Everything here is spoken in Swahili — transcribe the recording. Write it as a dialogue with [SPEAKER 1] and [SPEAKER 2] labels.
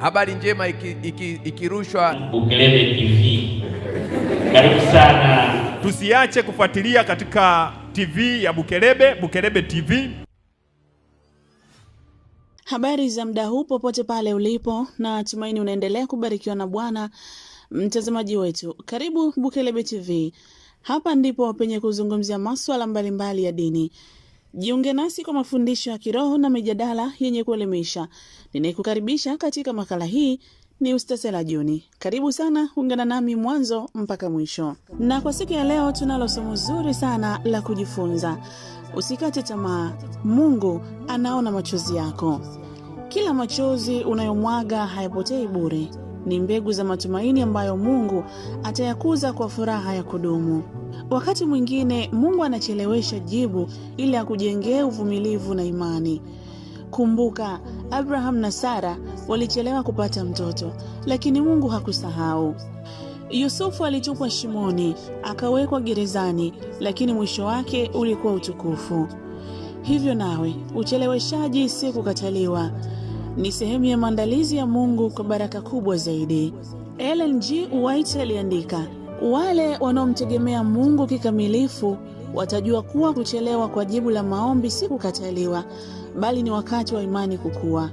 [SPEAKER 1] Habari njema ikirushwa iki,
[SPEAKER 2] iki Bukelebe TV. Karibu sana,
[SPEAKER 3] tusiache kufuatilia katika TV ya Bukelebe, Bukelebe TV.
[SPEAKER 4] Habari za muda huu popote pale ulipo, na tumaini unaendelea kubarikiwa na Bwana. Mtazamaji wetu, karibu Bukelebe TV. Hapa ndipo penye kuzungumzia masuala mbalimbali ya dini. Jiunge nasi kwa mafundisho ya kiroho na mijadala yenye kuelimisha. Ninayekukaribisha katika makala hii ni Ustasela Juni. Karibu sana, ungana nami mwanzo mpaka mwisho. Na kwa siku ya leo tunalo somo zuri sana la kujifunza. Usikate tamaa, Mungu anaona machozi yako. Kila machozi unayomwaga hayapotei bure ni mbegu za matumaini ambayo Mungu atayakuza kwa furaha ya kudumu. Wakati mwingine Mungu anachelewesha jibu ili akujengee uvumilivu na imani. Kumbuka, Abraham na Sara walichelewa kupata mtoto, lakini Mungu hakusahau. Yusufu alitupwa shimoni, akawekwa gerezani, lakini mwisho wake ulikuwa utukufu. Hivyo nawe, ucheleweshaji si kukataliwa ni sehemu ya maandalizi ya Mungu kwa baraka kubwa zaidi. Ellen G. White aliandika, wale wanaomtegemea Mungu kikamilifu watajua kuwa kuchelewa kwa jibu la maombi si kukataliwa, bali ni wakati wa imani kukua.